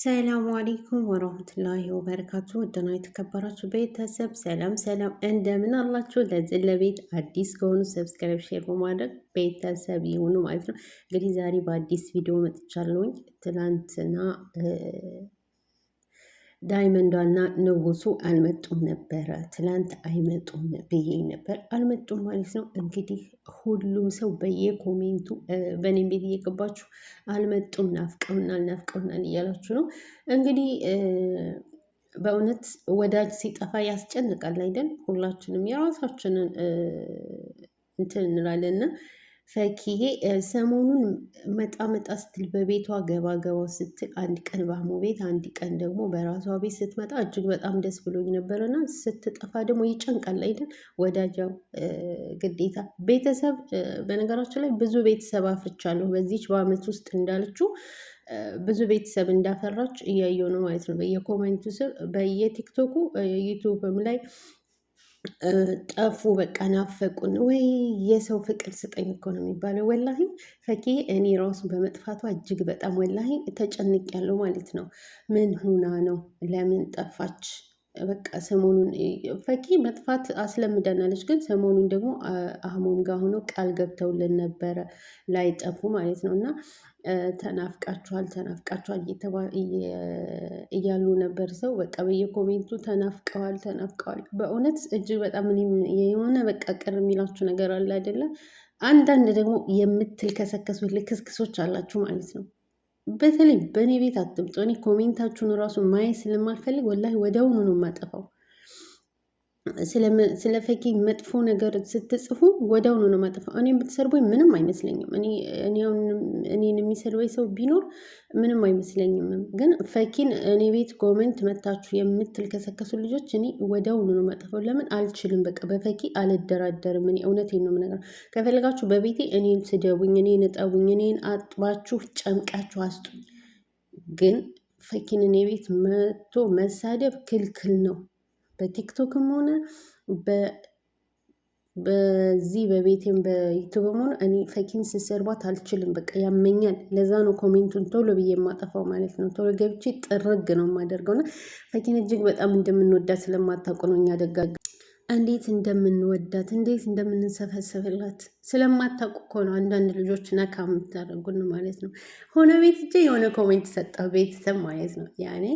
ሰላም አለይኩም ወራህመቱላሂ ወበረካቱ። ውድና የተከበራችሁ ቤተሰብ ሰላም ሰላም፣ እንደምን አላችሁ? ለዚህ ለቤት አዲስ ከሆኑ ሰብስክራይብ፣ ሼር በማድረግ ቤተሰብ የሆኑ ማለት ነው። እንግዲህ ዛሬ በአዲስ ቪዲዮ መጥቻለሁኝ። ትላንትና ዳይመንዷና ንጉሱ አልመጡም ነበረ። ትላንት አይመጡም ብዬ ነበር፣ አልመጡም ማለት ነው። እንግዲህ ሁሉም ሰው በየኮሜንቱ በእኔም ቤት እየገባችሁ አልመጡም፣ ናፍቀውናል፣ ናፍቀውናል እያላችሁ ነው። እንግዲህ በእውነት ወዳጅ ሲጠፋ ያስጨንቃል አይደል? ሁላችንም የራሳችንን እንትን እንላለን እና ፈኪዬ ሰሞኑን መጣ መጣ ስትል በቤቷ ገባ ገባ ስትል አንድ ቀን በአህሙ ቤት አንድ ቀን ደግሞ በራሷ ቤት ስትመጣ እጅግ በጣም ደስ ብሎኝ ነበረና ስትጠፋ ደግሞ ይጨንቃል አይደል? ወዳጃው ግዴታ ቤተሰብ። በነገራችን ላይ ብዙ ቤተሰብ አፍርቻለሁ በዚች በአመት ውስጥ እንዳለችው ብዙ ቤተሰብ እንዳፈራች እያየው ነው ማለት ነው። በየኮመንቱ ስር በየቲክቶኩ ዩቱብም ላይ ጠፉ በቃ ናፈቁን። ወይ የሰው ፍቅር ስጠኝ እኮ ነው የሚባለው። ወላሂ ፈኪ እኔ ራሱ በመጥፋቷ እጅግ በጣም ወላሂ ተጨንቅ ያለው ማለት ነው። ምን ሁና ነው? ለምን ጠፋች? በቃ ሰሞኑን ፈኪ መጥፋት አስለምደናለች፣ ግን ሰሞኑን ደግሞ አህሞም ጋር ሆኖ ቃል ገብተውልን ነበረ ላይጠፉ ማለት ነው እና ተናፍቃችኋል ተናፍቃችኋል እያሉ ነበር። ሰው በቃ በየኮሜንቱ ተናፍቀዋል ተናፍቀዋል። በእውነት እጅግ በጣም የሆነ በቃ ቅር የሚላችሁ ነገር አለ አይደለም። አንዳንድ ደግሞ የምትልከሰከሱ ልክስክሶች አላችሁ ማለት ነው። በተለይ በእኔ ቤት አትምጡ። እኔ ኮሜንታችሁን እራሱ ማየት ስለማልፈልግ ወላሂ ወደውኑ ነው የማጠፋው። ስለ ፈኪ መጥፎ ነገር ስትጽፉ ወዲያውኑ ነው መጥፋው። እኔም ብትሰርቦኝ ምንም አይመስለኝም። እኔን የሚሰርበኝ ሰው ቢኖር ምንም አይመስለኝም። ግን ፈኪን እኔ ቤት ኮመንት መታችሁ የምትል ከሰከሱ ልጆች እኔ ወዲያውኑ ነው መጥፈው። ለምን አልችልም። በቃ በፈኪ አልደራደርም። እኔ እውነቴን ነው ነገር ከፈለጋችሁ በቤቴ እኔን ስደቡኝ፣ እኔን እጠቡኝ፣ እኔን አጥባችሁ ጨምቃችሁ አስጡኝ። ግን ፈኪን እኔ ቤት መቶ መሳደብ ክልክል ነው። በቲክቶክም ሆነ በዚህ በቤቴም በዩቱብም ሆነ እኔ ፈኪን ስሰርባት አልችልም። በቃ ያመኛል። ለዛ ነው ኮሜንቱን ቶሎ ብዬ የማጠፋው ማለት ነው። ቶሎ ገብቼ ጥርግ ነው የማደርገውና ፈኪን እጅግ በጣም እንደምንወዳት ስለማታውቁ ነው እኛ ደጋግ እንዴት እንደምንወዳት እንዴት እንደምንሰፈሰፍላት ስለማታውቁ እኮ ነው። አንዳንድ ልጆች ነካ የምታደርጉን ማለት ነው። ሆነ ቤት እጄ የሆነ ኮሜንት ሰጠው ቤተሰብ ማለት ነው ያኔ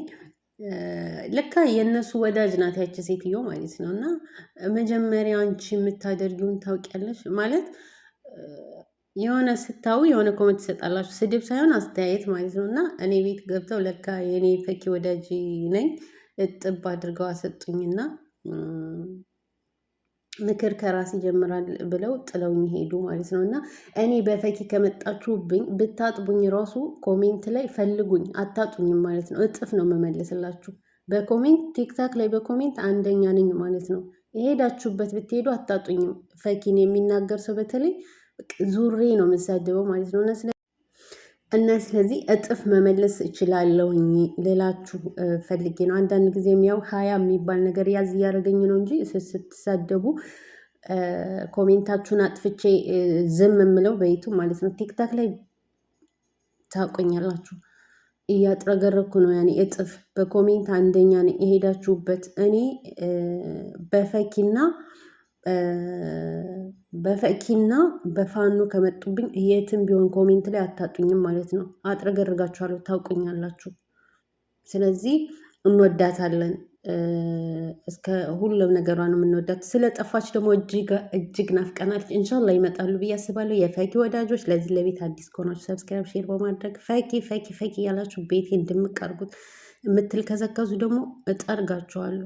ለካ የእነሱ ወዳጅ ናት ያች ሴትዮ ማለት ነው። እና መጀመሪያ አንቺ የምታደርጊውን ታውቂያለሽ ማለት የሆነ ስታዩ የሆነ ኮመንት ትሰጣላችሁ፣ ስድብ ሳይሆን አስተያየት ማለት ነው። እና እኔ ቤት ገብተው ለካ የእኔ ፈኪ ወዳጅ ነኝ እጥብ አድርገው አሰጡኝና ምክር ከራስ ይጀምራል ብለው ጥለው ሄዱ ማለት ነው። እና እኔ በፈኪ ከመጣችሁብኝ ብታጥቡኝ ራሱ ኮሜንት ላይ ፈልጉኝ አታጡኝም ማለት ነው። እጥፍ ነው መመለስላችሁ በኮሜንት ቲክታክ ላይ በኮሜንት አንደኛ ነኝ ማለት ነው። የሄዳችሁበት ብትሄዱ አታጡኝም። ፈኪን የሚናገር ሰው በተለይ ዙሬ ነው የምሳደበው ማለት ነው። እና ስለዚህ እጥፍ መመለስ እችላለሁ ልላችሁ ፈልጌ ነው። አንዳንድ ጊዜም ያው ሀያ የሚባል ነገር ያዝ እያደረገኝ ነው እንጂ ስትሳደቡ ኮሜንታችሁን አጥፍቼ ዝም የምለው በይቱ ማለት ነው። ቲክታክ ላይ ታቆኛላችሁ እያጥረገረኩ ነው። ያኔ እጥፍ በኮሜንት አንደኛ ነው የሄዳችሁበት። እኔ በፈኪና በፈኪና በፋኖ ከመጡብኝ የትም ቢሆን ኮሜንት ላይ አታጡኝም ማለት ነው። አጥረገርጋችኋለሁ፣ ታውቁኛላችሁ። ስለዚህ እንወዳታለን እስከ ሁሉም ነገሯን የምንወዳት። ስለ ጠፋች ደግሞ እጅግ ናፍቀናለች። እንሻላ ይመጣሉ ብዬ አስባለሁ። የፈኪ ወዳጆች ለዚህ ለቤት አዲስ ከሆናችሁ ሰብስክራይብ፣ ሼር በማድረግ ፈኪ ፈኪ ፈኪ እያላችሁ ቤቴ እንድምቀርጉት የምትል ከዘከዙ ደግሞ እጠርጋችኋለሁ።